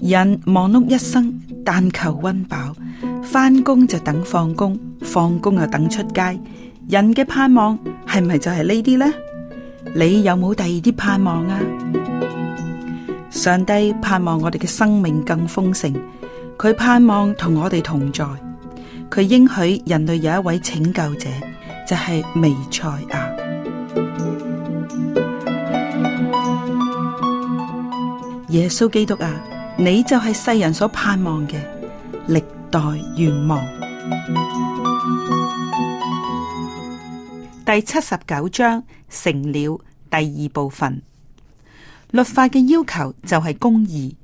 人忙碌一生，但求溫飽，返工就等放工，放工又等出街。人嘅盼望係咪就係呢啲呢？你有冇第二啲盼望啊？上帝盼望我哋嘅生命更豐盛，佢盼望同我哋同在，佢應許人類有一位拯救者，就係彌賽亞，耶穌基督啊！你就係世人所盼望嘅歷代願望。第七十九章成了第二部分。律法嘅要求就係公義，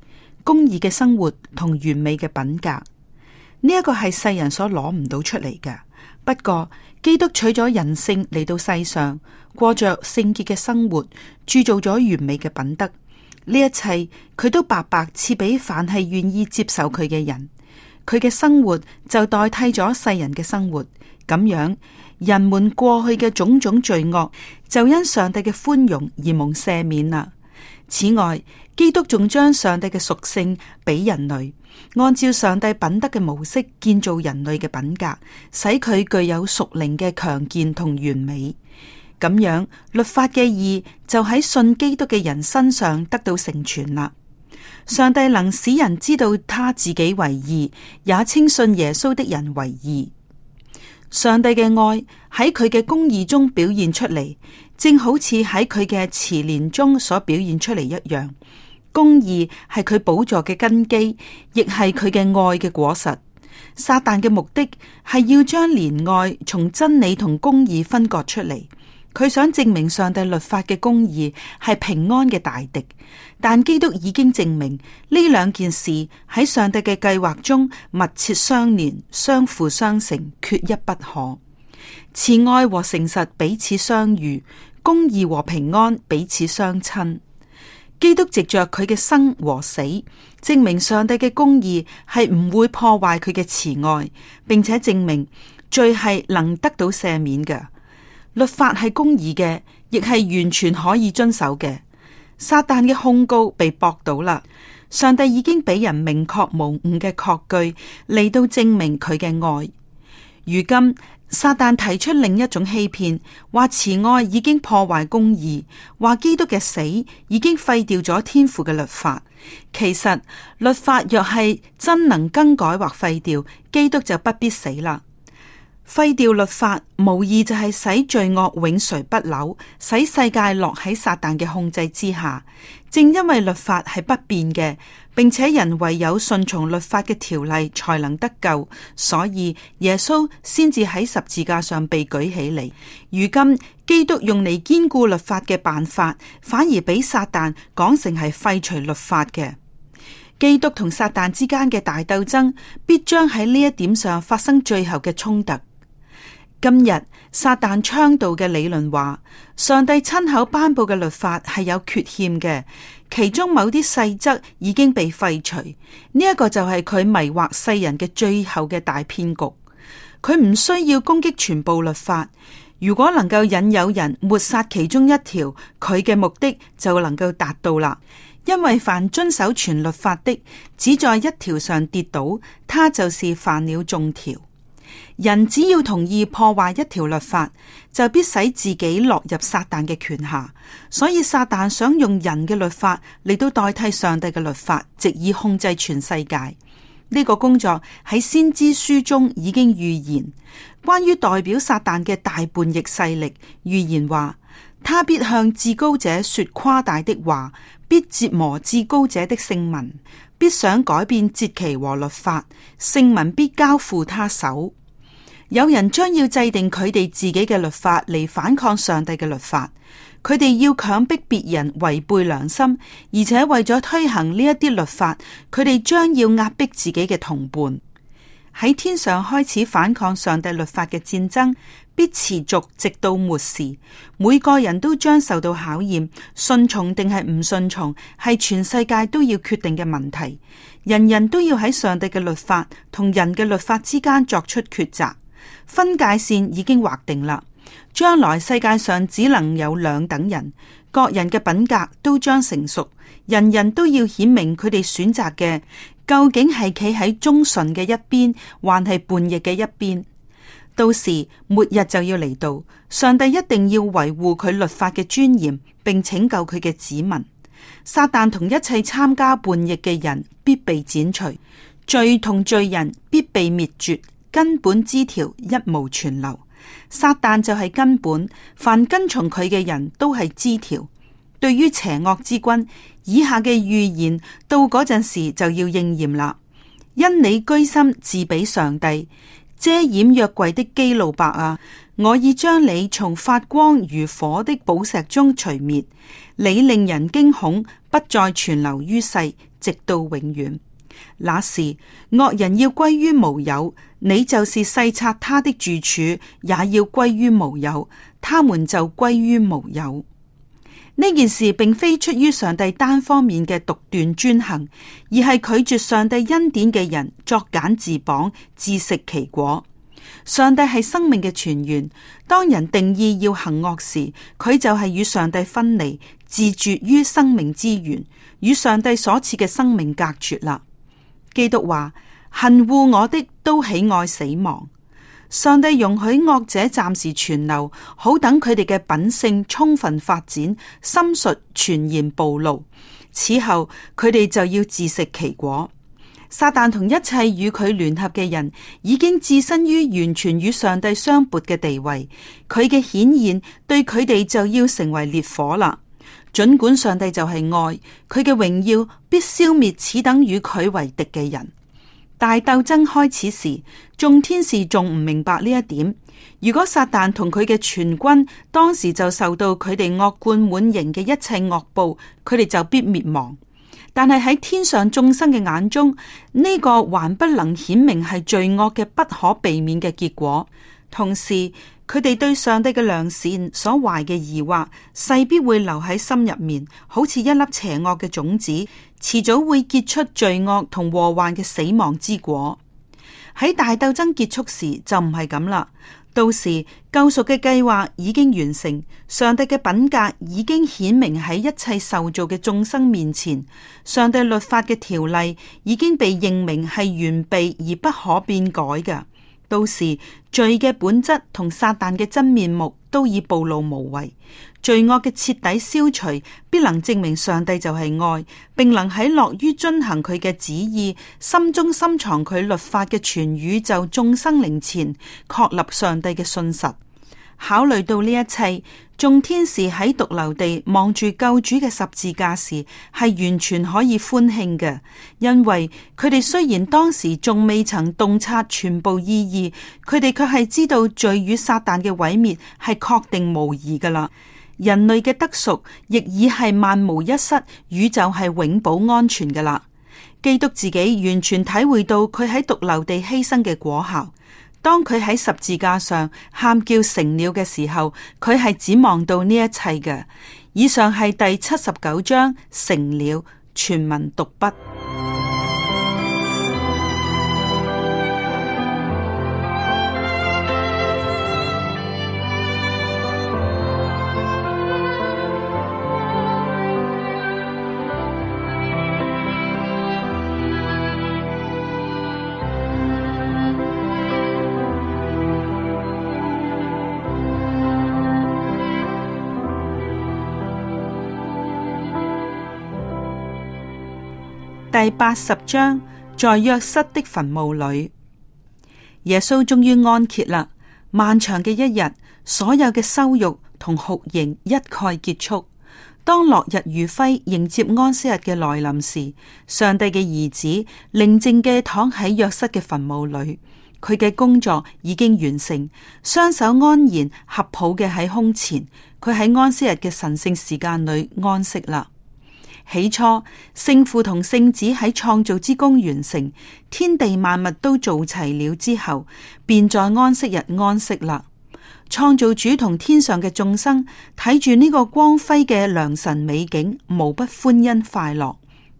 公義嘅生活同完美嘅品格。呢一個係世人所攞唔到出嚟㗎。不過基督取咗人性嚟到世上，過着聖潔嘅生活，鑄造咗完美嘅品德。呢一切，佢都白白賜俾凡係願意接受佢嘅人，佢嘅生活就代替咗世人嘅生活，咁樣，人們過去嘅種種罪惡，就因上帝嘅寬容而蒙赦免啦。此外，基督仲將上帝嘅屬性俾人類，按照上帝品德嘅模式建造人類嘅品格，使佢具有屬靈嘅強健同完美。咁樣，律法嘅義就喺信基督嘅人身上得到成全啦。上帝能使人知道他自己為義，也稱信耶穌的人為義。上帝嘅愛喺佢嘅公義中表現出嚟，正好似喺佢嘅慈憐中所表現出嚟一樣。公義係佢寶座嘅根基，亦係佢嘅愛嘅果實。撒旦嘅目的係要將憐愛從真理同公義分割出嚟。佢想證明上帝律法嘅公義係平安嘅大敵，但基督已經證明呢兩件事喺上帝嘅計劃中密切相連、相輔相成，缺一不可。慈愛和誠實彼此相遇，公義和平安彼此相親。基督藉着佢嘅生和死，證明上帝嘅公義係唔會破壞佢嘅慈愛，並且證明罪係能得到赦免嘅。律法係公義嘅，亦係完全可以遵守嘅。撒旦嘅控告被駁倒啦，上帝已經俾人明確無誤嘅確據嚟到證明佢嘅愛。如今撒旦提出另一種欺騙，話慈愛已經破壞公義，話基督嘅死已經廢掉咗天父嘅律法。其實律法若係真能更改或廢掉，基督就不必死啦。廢掉律法，無異就係使罪惡永垂不朽，使世界落喺撒旦嘅控制之下。正因為律法係不變嘅，並且人唯有順從律法嘅條例才能得救，所以耶穌先至喺十字架上被舉起嚟。如今基督用嚟堅固律法嘅辦法，反而俾撒旦講成係廢除律法嘅。基督同撒旦之間嘅大鬥爭，必將喺呢一點上發生最後嘅衝突。今日撒旦倡導嘅理論話，上帝親口頒布嘅律法係有缺陷嘅，其中某啲細則已經被廢除。呢、這、一個就係佢迷惑世人嘅最後嘅大騙局。佢唔需要攻擊全部律法，如果能夠引誘人抹殺其中一條，佢嘅目的就能夠達到啦。因為凡遵守全律法的，只在一條上跌倒，他就是犯了眾條。人只要同意破壞一條律法，就必使自己落入撒旦嘅權下。所以撒旦想用人嘅律法嚟到代替上帝嘅律法，藉以控制全世界。呢、這個工作喺先知書中已經預言。關於代表撒旦嘅大叛逆勢力，預言話：他必向至高者說誇大的話，必折磨至高者的聖民，必想改變節期和律法，聖民必交付他手。有人將要制定佢哋自己嘅律法嚟反抗上帝嘅律法，佢哋要強迫別人違背良心，而且為咗推行呢一啲律法，佢哋將要壓迫自己嘅同伴。喺天上開始反抗上帝律法嘅戰爭，必持續直到末時。每個人都將受到考驗，信從定係唔信從，係全世界都要決定嘅問題，人人都要喺上帝嘅律法同人嘅律法之間作出抉擇。分界線已經劃定啦，將來世界上只能有兩等人，各人嘅品格都將成熟，人人都要顯明佢哋選擇嘅究竟係企喺忠順嘅一邊，還係叛逆嘅一邊。到時末日就要嚟到，上帝一定要維護佢律法嘅尊嚴，並拯救佢嘅子民。撒旦同一切參加叛逆嘅人，必被剪除；罪同罪人，必被滅絕。根本枝條一無存留，撒旦就係根本，凡跟從佢嘅人都係枝條。對於邪惡之君，以下嘅預言到嗰陣時就要應驗啦。因你居心自比上帝，遮掩約櫃的基路伯啊，我已將你從發光如火的寶石中除滅，你令人驚恐，不再存留於世，直到永遠。那時惡人要歸於無有，你就是細察他的住處，也要歸於無有。他們就歸於無有。呢件事並非出於上帝單方面嘅獨斷專行，而係拒絕上帝恩典嘅人作繭自縛，自食其果。上帝係生命嘅泉源，當人定意要行惡時，佢就係與上帝分離，自絕於生命之源，與上帝所賜嘅生命隔絕啦。基督話：恨惡我的都喜愛死亡。上帝容許惡者暫時存留，好等佢哋嘅品性充分發展，心術全然暴露。此後，佢哋就要自食其果。撒旦同一切與佢聯合嘅人，已經置身於完全與上帝相悖嘅地位，佢嘅顯現對佢哋就要成為烈火啦。盡管上帝就係愛，佢嘅榮耀必消滅此等與佢為敵嘅人。大鬥爭開始時，眾天使仲唔明白呢一點。如果撒旦同佢嘅全軍當時就受到佢哋惡貫滿盈嘅一切惡報，佢哋就必滅亡。但係喺天上眾生嘅眼中，呢個還不能顯明係罪惡嘅不可避免嘅結果。同時，佢哋對上帝嘅良善所懷嘅疑惑，勢必會留喺心入面，好似一粒邪惡嘅種子，遲早會結出罪惡同禍患嘅死亡之果。喺大鬥爭結束時，就唔係咁啦，到時救贖嘅計劃已經完成，上帝嘅品格已經顯明喺一切受造嘅眾生面前，上帝律法嘅條例已經被認明係完備而不可變改嘅。到時，罪嘅本質同撒旦嘅真面目都已暴露無遺，罪惡嘅徹底消除，必能證明上帝就係愛，並能喺樂於遵行佢嘅旨意、心中深藏佢律法嘅全宇宙眾生靈前確立上帝嘅信實。考慮到呢一切，眾天使喺髑髏地望住救主嘅十字架時，係完全可以歡慶嘅，因為佢哋雖然當時仲未曾洞察全部意義，佢哋卻係知道罪與撒旦嘅毀滅係確定無疑噶啦，人類嘅得贖亦已係萬無一失，宇宙係永保安全噶啦。基督自己完全體會到佢喺髑髏地犧牲嘅果效。當佢喺十字架上喊叫成了嘅時候，佢係指望到呢一切嘅。以上係第七十九章成了全文讀畢。第八十章，在約瑟的墳墓裏，耶穌終於安歇啦。漫長嘅一日，所有嘅羞辱同酷刑一概結束。當落日餘暉迎接安息日嘅來臨時，上帝嘅兒子寧靜嘅躺喺約瑟嘅墳墓裏，佢嘅工作已經完成，雙手安然合抱嘅喺胸前。佢喺安息日嘅神聖時間裏安息啦。起初，聖父同聖子喺創造之功完成，天地萬物都做齊了之後，便在安息日安息啦。創造主同天上嘅眾生睇住呢個光輝嘅良辰美景，無不歡欣快樂。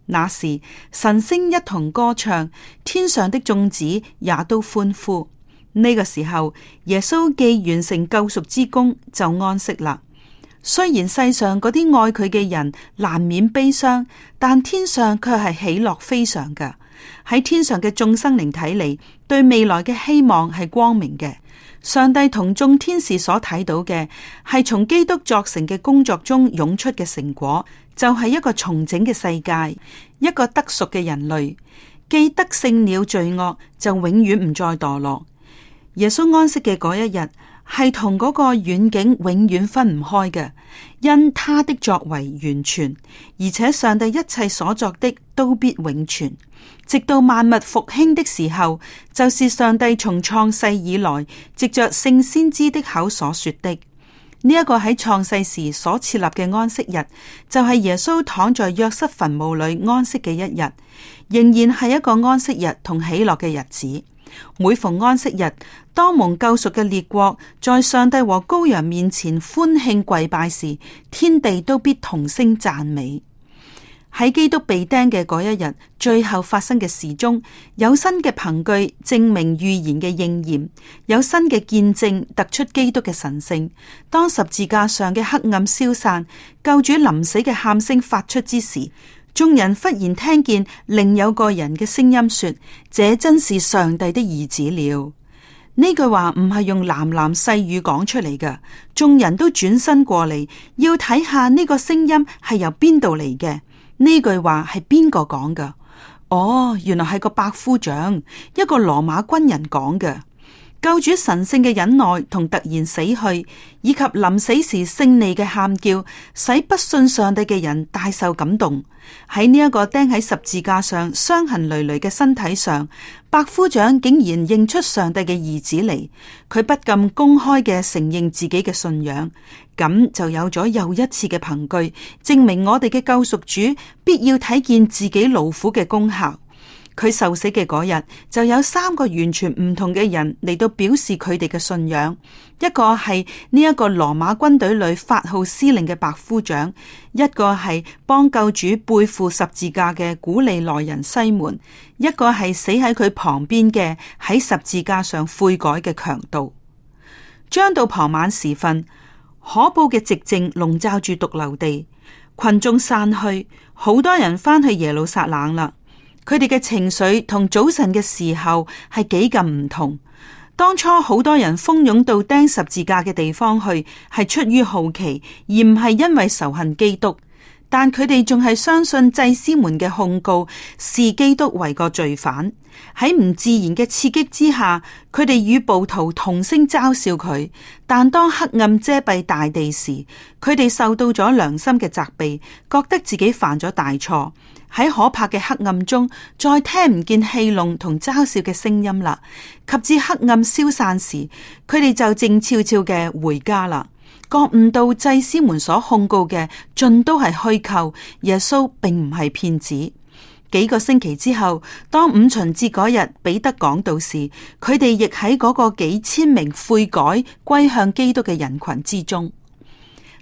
那時，神星一同歌唱，天上的眾子也都歡呼。呢、這個時候，耶穌既完成救贖之功，就安息啦。雖然世上嗰啲愛佢嘅人難免悲傷，但天上卻係喜樂非常㗎。喺天上嘅眾生靈睇嚟，對未來嘅希望係光明嘅。上帝同眾天使所睇到嘅，係從基督作成嘅工作中湧出嘅成果，就係一個重整嘅世界，一個得贖嘅人類，既得勝了罪惡，就永遠唔再墮落。耶穌安息嘅嗰一日係同嗰個遠景永遠分唔開嘅，因他的作為完全，而且上帝一切所作的都必永存，直到萬物復興的時候，就是上帝從創世以來藉着聖先知的口所說的。呢一個喺創世時所設立嘅安息日，就係耶穌躺在約瑟墳墓裏安息嘅一日，仍然係一個安息日同喜樂嘅日子。每逢安息日，多蒙救贖嘅列國在上帝和羔羊面前歡慶跪拜時，天地都必同聲讚美。喺基督被釘嘅嗰一日，最後發生嘅事中有新嘅憑據證明預言嘅應驗，有新嘅見證突出基督嘅神聖。當十字架上嘅黑暗消散，救主臨死嘅喊聲發出之時。眾人忽然聽見另有個人嘅聲音說：這真是上帝的兒子了。呢句話唔係用喃喃細語講出嚟㗎，眾人都轉身過嚟，要睇下呢個聲音係由邊度嚟嘅。呢句話係邊個講嘅？哦，原來係個百夫長，一個羅馬軍人講嘅。救主神聖嘅忍耐同突然死去，以及臨死時勝利嘅喊叫，使不信上帝嘅人大受感動。喺呢一個釘喺十字架上傷痕累累嘅身體上，百夫長竟然認出上帝嘅兒子嚟，佢不禁公開嘅承認自己嘅信仰，咁就有咗又一次嘅憑據，證明我哋嘅救贖主必要睇見自己勞苦嘅功效。佢受死嘅嗰日，就有三個完全唔同嘅人嚟到表示佢哋嘅信仰。一個係呢一個羅馬軍隊裏發號施令嘅百夫長，一個係幫救主背負十字架嘅古利奈人西門，一個係死喺佢旁邊嘅喺十字架上悔改嘅強盜。將到傍晚時分，可怖嘅寂靜籠罩住髑髏地，群眾散去，好多人翻去耶路撒冷啦。佢哋嘅情緒同早晨嘅時候係幾咁唔同。當初好多人蜂擁到釘十字架嘅地方去，係出於好奇，而唔係因為仇恨基督。但佢哋仲係相信祭司們嘅控告，視基督為個罪犯。喺唔自然嘅刺激之下，佢哋與暴徒同聲嘲笑佢。但當黑暗遮蔽大地時，佢哋受到咗良心嘅責備，覺得自己犯咗大錯。喺可怕嘅黑暗中，再聽唔見戲弄同嘲笑嘅聲音啦。及至黑暗消散時，佢哋就靜悄悄嘅回家啦。覺悟到祭司們所控告嘅，盡都係虛構。耶穌並唔係騙子。幾個星期之後，當五旬節嗰日彼得講道時，佢哋亦喺嗰個幾千名悔改歸向基督嘅人群之中。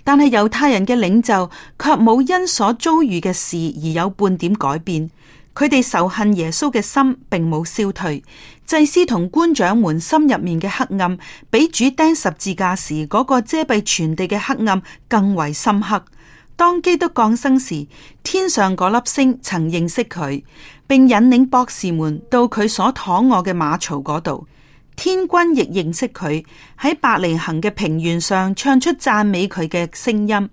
但係猶太人嘅領袖卻冇因所遭遇嘅事而有半點改變。佢哋仇恨耶穌嘅心，並冇消退。祭司同官長們心入面嘅黑暗，比主釘十字架時嗰、那個遮蔽全地嘅黑暗更為深刻。當基督降生時，天上嗰粒星曾認識佢，並引領博士們到佢所躺臥嘅馬槽嗰度。天君亦認識佢，喺伯利恆嘅平原上唱出讚美佢嘅聲音。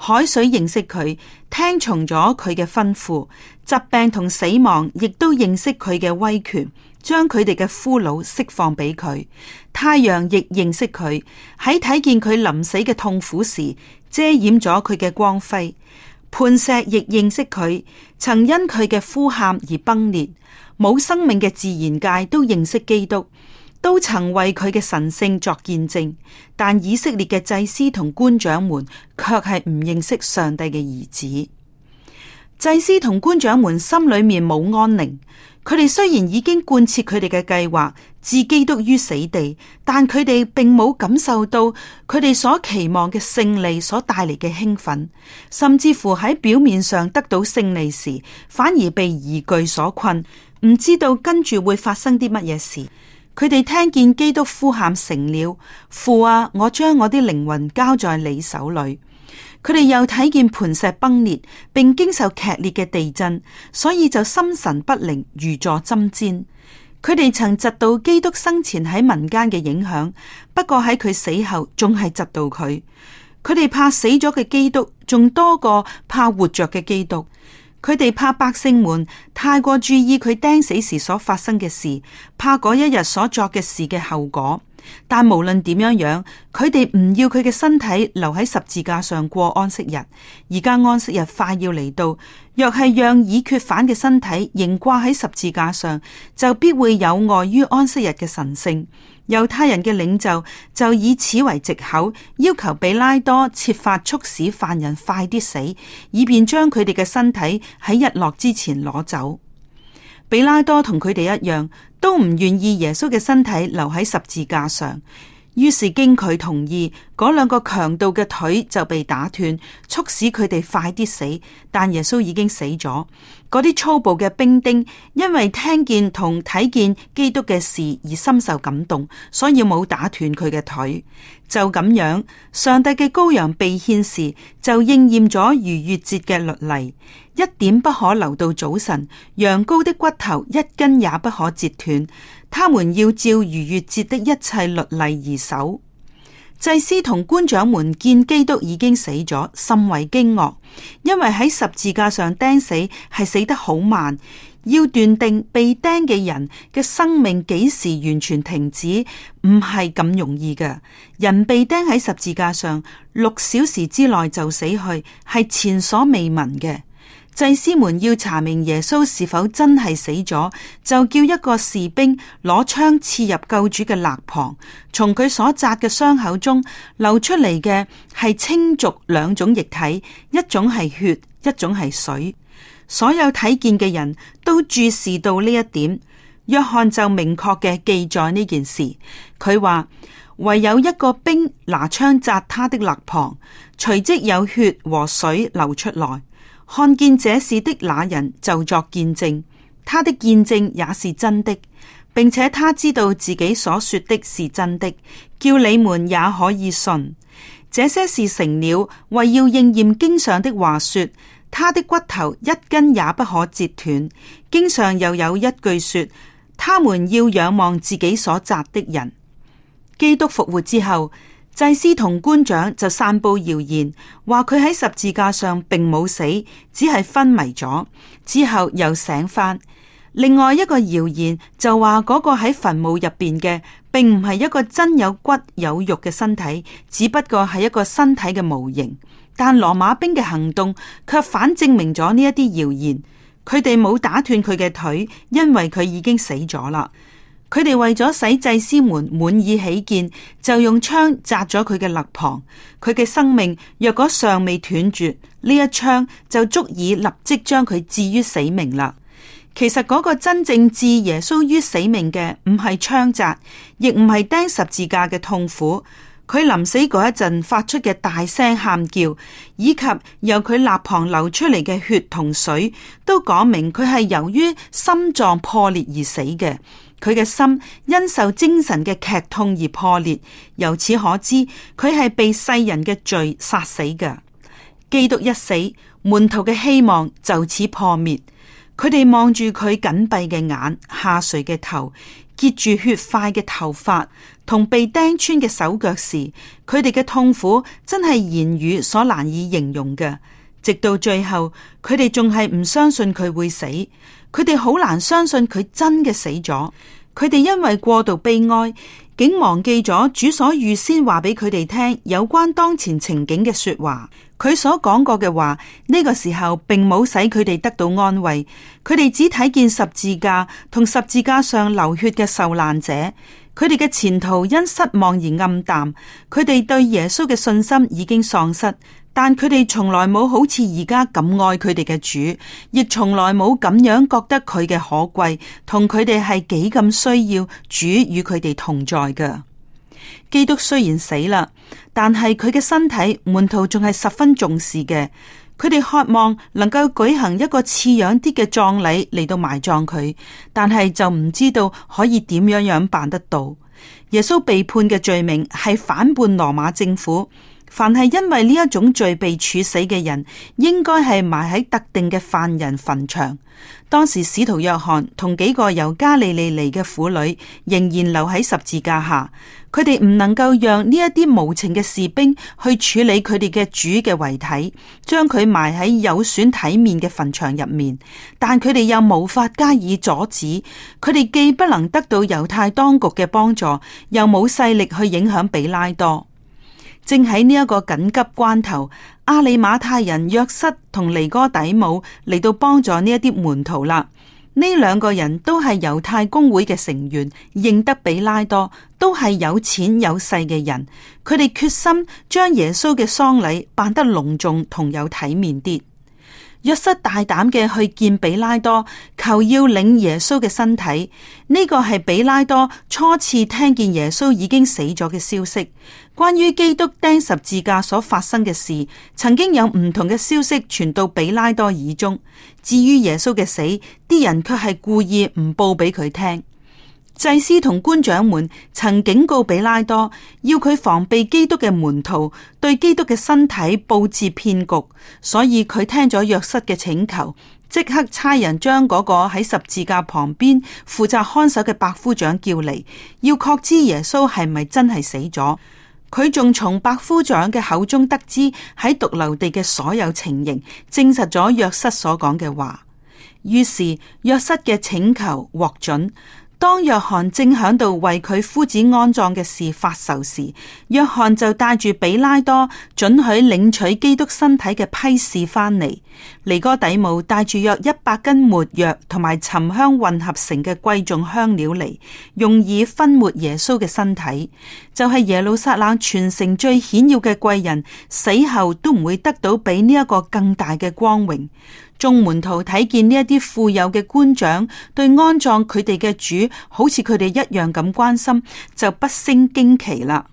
海水認識佢，聽從咗佢嘅吩咐。疾病同死亡亦都認識佢嘅威權，將佢哋嘅俘虜釋放俾佢。太陽亦認識佢，喺睇見佢臨死嘅痛苦時，遮掩咗佢嘅光輝。磐石亦認識佢，曾因佢嘅呼喊而崩裂。冇生命嘅自然界都認識基督，都曾為佢嘅神聖作見證。但以色列嘅祭司同官長們卻係唔認識上帝嘅兒子。祭司同官長們心裏面冇安寧，佢哋雖然已經貫徹佢哋嘅計劃，置基督於死地，但佢哋並冇感受到佢哋所期望嘅勝利所帶嚟嘅興奮，甚至乎喺表面上得到勝利時，反而被疑懼所困，唔知道跟住會發生啲乜嘢事。佢哋聽見基督呼喊成了，父啊，我將我的靈魂交在你手裏。佢哋又睇見磐石崩裂，並經受劇烈嘅地震，所以就心神不寧，如坐針氈。佢哋曾嫉妒基督生前喺民間嘅影響，不過喺佢死後，仲係嫉妒佢。佢哋怕死咗嘅基督，仲多過怕活着嘅基督。佢哋怕百姓們太過注意佢釘死時所發生嘅事，怕嗰一日所作嘅事嘅後果。但無論點樣樣，佢哋唔要佢嘅身體留喺十字架上過安息日。而家安息日快要嚟到，若係讓已決犯嘅身體仍掛喺十字架上，就必會有礙於安息日嘅神聖。猶太人嘅領袖就以此為藉口，要求比拉多設法促使犯人快啲死，以便將佢哋嘅身體喺日落之前攞走。比拉多同佢哋一樣，都唔願意耶穌嘅身體留喺十字架上。於是經佢同意，嗰兩個強盜嘅腿就被打斷，促使佢哋快啲死。但耶穌已經死咗。嗰啲粗暴嘅兵丁因為聽見同睇見基督嘅事而深受感動，所以冇打斷佢嘅腿。就咁樣，上帝嘅羔羊被獻時，就應驗咗逾越節嘅律例。一點不可留到早晨，羊羔的骨頭一根也不可折斷。他們要照逾越節的一切律例而守。祭司同官長們見基督已經死咗，甚為驚愕，因為喺十字架上釘死係死得好慢，要斷定被釘嘅人嘅生命幾時完全停止，唔係咁容易嘅。人被釘喺十字架上，六小時之內就死去，係前所未聞嘅。祭司們要查明耶穌是否真係死咗，就叫一個士兵攞槍刺入救主嘅肋旁，從佢所紮嘅傷口中流出嚟嘅係清濁兩種液體，一種係血，一種係水。所有睇見嘅人都注視到呢一點。約翰就明確嘅記載呢件事，佢話，唯有一個兵拿槍扎他的肋旁，隨即有血和水流出來。看見這事的那人就作見證，他的見證也是真的，並且他知道自己所說的是真的，叫你們也可以信。這些事成了，為要應驗經上的話說：他的骨頭一根也不可折斷。經上又有一句說：他們要仰望自己所扎的人。基督復活之後。祭司同官長就散佈謠言，話佢喺十字架上並冇死，只係昏迷咗，之後又醒翻。另外一個謠言就話嗰個喺墳墓入邊嘅，並唔係一個真有骨有肉嘅身體，只不過係一個身體嘅模型。但羅馬兵嘅行動卻反證明咗呢一啲謠言，佢哋冇打斷佢嘅腿，因為佢已經死咗啦。佢哋為咗使祭司們滿意起見，就用槍扎咗佢嘅肋旁。佢嘅生命若果尚未斷絕，呢一槍就足以立即將佢置於死命啦。其實嗰個真正置耶穌於死命嘅，唔係槍扎，亦唔係釘十字架嘅痛苦。佢臨死嗰一陣發出嘅大聲喊叫，以及由佢肋旁流出嚟嘅血同水，都講明佢係由於心臟破裂而死嘅。佢嘅心因受精神嘅劇痛而破裂，由此可知佢係被世人嘅罪殺死嘅。基督一死，門徒嘅希望就此破滅。佢哋望住佢緊閉嘅眼、下垂嘅頭、結住血塊嘅頭髮同被釘穿嘅手腳時，佢哋嘅痛苦真係言語所難以形容嘅。直到最後，佢哋仲係唔相信佢會死，佢哋好難相信佢真嘅死咗。佢哋因為過度悲哀，竟忘記咗主所預先話俾佢哋聽有關當前情景嘅說話。佢所講過嘅話，呢個時候並冇使佢哋得到安慰。佢哋只睇見十字架同十字架上流血嘅受難者，佢哋嘅前途因失望而暗淡，佢哋對耶穌嘅信心已經喪失。但佢哋從來冇好似而家咁愛佢哋嘅主，亦從來冇咁樣覺得佢嘅可貴，同佢哋係幾咁需要主與佢哋同在嘅。基督雖然死啦，但係佢嘅身體，門徒仲係十分重視嘅。佢哋渴望能夠舉行一個似樣啲嘅葬禮嚟到埋葬佢，但係就唔知道可以點樣樣辦得到。耶穌被判嘅罪名係反叛羅馬政府。凡係因為呢一種罪被處死嘅人，應該係埋喺特定嘅犯人墳場。當時使徒約翰同幾個由加利利嚟嘅婦女，仍然留喺十字架下。佢哋唔能夠讓呢一啲無情嘅士兵去處理佢哋嘅主嘅遺體，將佢埋喺有損體面嘅墳場入面，但佢哋又無法加以阻止。佢哋既不能得到猶太當局嘅幫助，又冇勢力去影響比拉多。正喺呢一個緊急關頭，阿里馬太人約瑟同尼哥底母嚟到幫助呢一啲門徒啦。呢兩個人都係猶太公會嘅成員，認得比拉多，都係有錢有勢嘅人。佢哋決心將耶穌嘅喪禮辦得隆重同有體面啲。約瑟大膽嘅去見彼拉多，求要領耶穌嘅身體。呢、這個係彼拉多初次聽見耶穌已經死咗嘅消息。關於基督釘十字架所發生嘅事，曾經有唔同嘅消息傳到彼拉多耳中。至於耶穌嘅死，啲人卻係故意唔報俾佢聽。祭司同官長們曾警告彼拉多，要佢防備基督嘅門徒對基督嘅身體布置騙局，所以佢聽咗約瑟嘅請求，即刻差人將嗰個喺十字架旁邊負責看守嘅百夫長叫嚟，要確知耶穌係咪真係死咗。佢仲從百夫長嘅口中得知喺髑髏地嘅所有情形，證實咗約瑟所講嘅話。於是約瑟嘅請求獲准。當約翰正響度為佢夫子安葬嘅事發愁時，約翰就帶住彼拉多准許領取基督身體嘅批示返嚟。尼哥底母帶住約一百斤沒藥同埋沉香混合成嘅貴重香料嚟，用以分抹耶穌嘅身體。就係、是、耶路撒冷全城最顯要嘅貴人，死後都唔會得到比呢一個更大嘅光榮。眾門徒睇見呢一啲富有嘅官長對安葬佢哋嘅主，好似佢哋一樣咁關心，就不勝驚奇啦。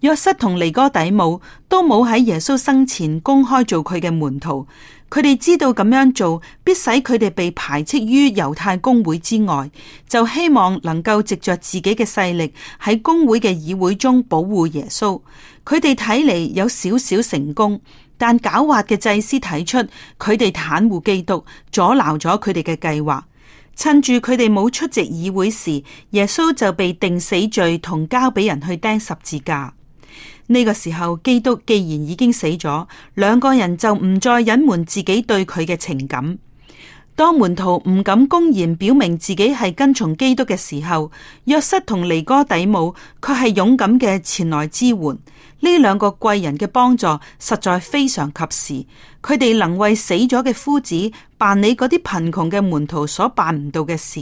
若瑟同尼哥底母都冇喺耶穌生前公開做佢嘅門徒，佢哋知道咁樣做必使佢哋被排斥於猶太公會之外，就希望能夠藉着自己嘅勢力喺公會嘅議會中保護耶穌。佢哋睇嚟有少少成功。但狡猾嘅祭司睇出，佢哋袒護基督，阻撓咗佢哋嘅計劃。趁住佢哋冇出席議會時，耶穌就被定死罪同交俾人去釘十字架。呢、這個時候，基督既然已經死咗，兩個人就唔再隱瞞自己對佢嘅情感。當門徒唔敢公然表明自己係跟從基督嘅時候，約瑟同尼哥底母，卻係勇敢嘅前來支援。呢兩個貴人嘅幫助實在非常及時，佢哋能為死咗嘅夫子辦理嗰啲貧窮嘅門徒所辦唔到嘅事，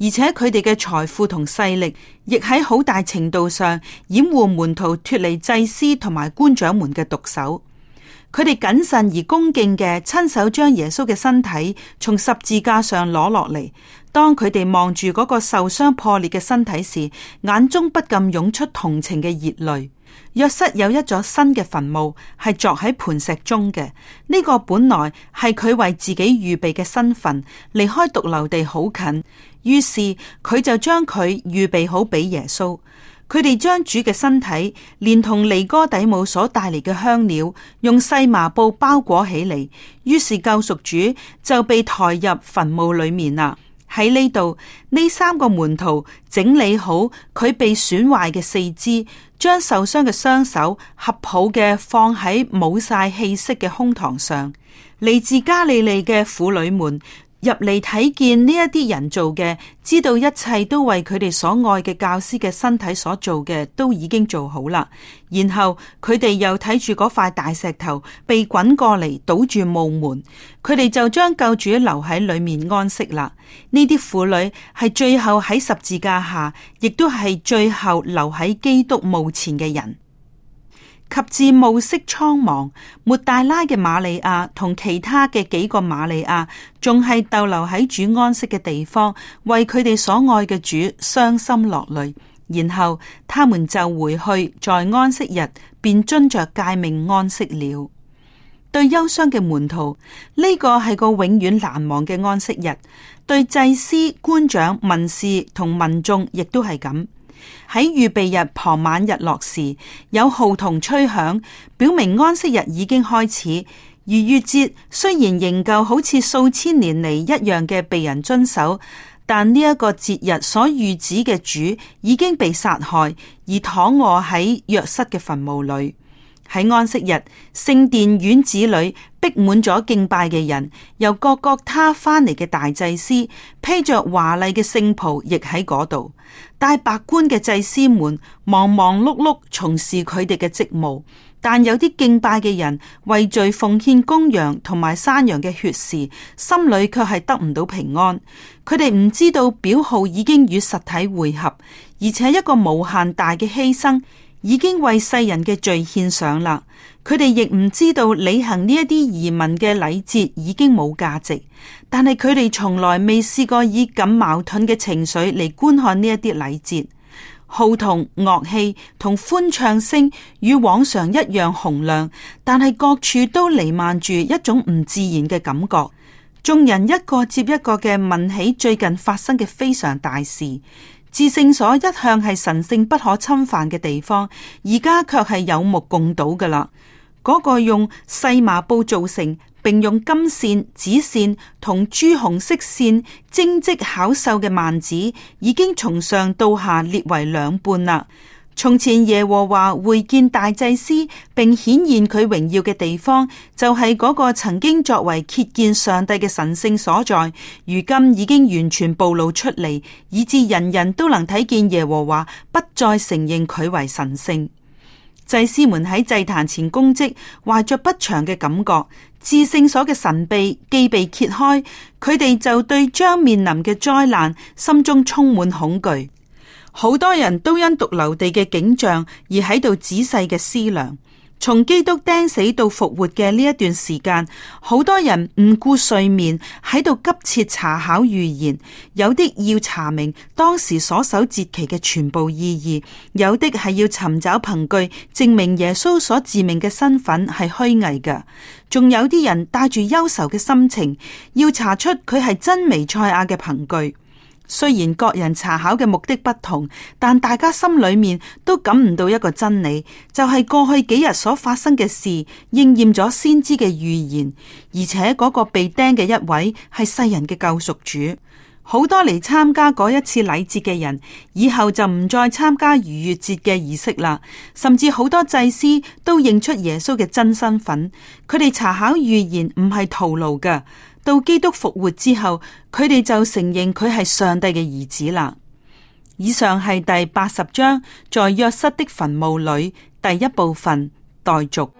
而且佢哋嘅財富同勢力亦喺好大程度上掩護門徒脫離祭司同埋官長們嘅毒手。佢哋謹慎而恭敬嘅，親手將耶穌嘅身體從十字架上攞落嚟。當佢哋望住嗰個受傷破裂嘅身體時，眼中不禁湧出同情嘅熱淚。約瑟有一座新嘅墳墓，係鑿喺磐石中嘅。呢、這個本來係佢為自己預備嘅新墳，離開髑髏地好近。於是佢就將佢預備好俾耶穌。佢哋將主嘅身體連同尼哥底母所帶嚟嘅香料，用細麻布包裹起嚟，於是救贖主就被抬入墳墓裏面啦。喺呢度，呢三個門徒整理好佢被損壞嘅四肢，將受傷嘅雙手合抱嘅放喺冇晒氣息嘅胸膛上。嚟自加利利嘅婦女們。入嚟睇見呢一啲人做嘅，知道一切都為佢哋所愛嘅教師嘅身體所做嘅，都已經做好啦。然後佢哋又睇住嗰塊大石頭被滾過嚟，堵住墓門，佢哋就將救主留喺裏面安息啦。呢啲婦女係最後喺十字架下，亦都係最後留喺基督墓前嘅人。及至暮色蒼茫，抹大拉嘅瑪利亞同其他嘅幾個瑪利亞，仲係逗留喺主安息嘅地方，為佢哋所愛嘅主傷心落淚。然後，他們就回去，在安息日便遵着誡命安息了。對憂傷嘅門徒，呢個係個永遠難忘嘅安息日。對祭司、官長、民事同民眾，亦都係咁。喺預備日傍晚日落時，有號筒吹響，表明安息日已經開始。而月節雖然仍舊好似數千年嚟一樣嘅被人遵守，但呢一個節日所預指嘅主已經被殺害，而躺臥喺約瑟嘅墳墓裏。喺安息日，聖殿院子裏逼滿咗敬拜嘅人，由各各他翻嚟嘅大祭司披着華麗嘅聖袍，亦喺嗰度。戴白冠嘅祭司們忙忙碌碌從事佢哋嘅職務，但有啲敬拜嘅人為罪奉獻公羊同埋山羊嘅血時，心裏卻係得唔到平安。佢哋唔知道表號已經與實體會合，而且一個無限大嘅犧牲。已經為世人嘅罪獻上啦，佢哋亦唔知道履行呢一啲儀文嘅禮節已經冇價值，但係佢哋從來未試過以咁矛盾嘅情緒嚟觀看呢一啲禮節。號筒、樂器同歡唱聲與往常一樣洪亮，但係各處都彌漫住一種唔自然嘅感覺。眾人一個接一個嘅問起最近發生嘅非常大事。至聖所一向係神聖不可侵犯嘅地方，而家卻係有目共睹噶啦。嗰、那個用細麻布做成，並用金線、紫線同朱紅色線精織巧繡嘅幔子，已經從上到下裂為兩半啦。從前耶和華會見大祭司，並顯現佢榮耀嘅地方，就係嗰個曾經作為揭見上帝嘅神聖所在。如今已經完全暴露出嚟，以致人人都能睇見耶和華不再承認佢為神聖。祭司們喺祭壇前供職，懷着不祥嘅感覺，至聖所嘅神秘既被揭開，佢哋就對將面臨嘅災難心中充滿恐懼。好多人都因獨留地嘅景象而喺度仔細嘅思量，從基督釘死到復活嘅呢一段時間，好多人唔顧睡眠喺度急切查考預言，有啲要查明當時所守節期嘅全部意義，有啲，係要尋找憑據証明耶穌所自命嘅身份係虛偽嘅，仲有啲人帶住憂愁嘅心情要查出佢係真彌賽亞嘅憑據。雖然各人查考嘅目的不同，但大家心裏面都感唔到一個真理，就係過去幾日所發生嘅事應驗咗先知嘅預言，而且嗰個被釘嘅一位係世人嘅救贖主。好多嚟參加嗰一次禮節嘅人，以後就唔再參加逾越節嘅儀式啦。甚至好多祭司都認出耶穌嘅真身份，佢哋查考預言唔係徒勞嘅。到基督復活之後，佢哋就承認佢係上帝嘅兒子啦。以上係第八十章，在約瑟的墳墓裏第一部分，待續。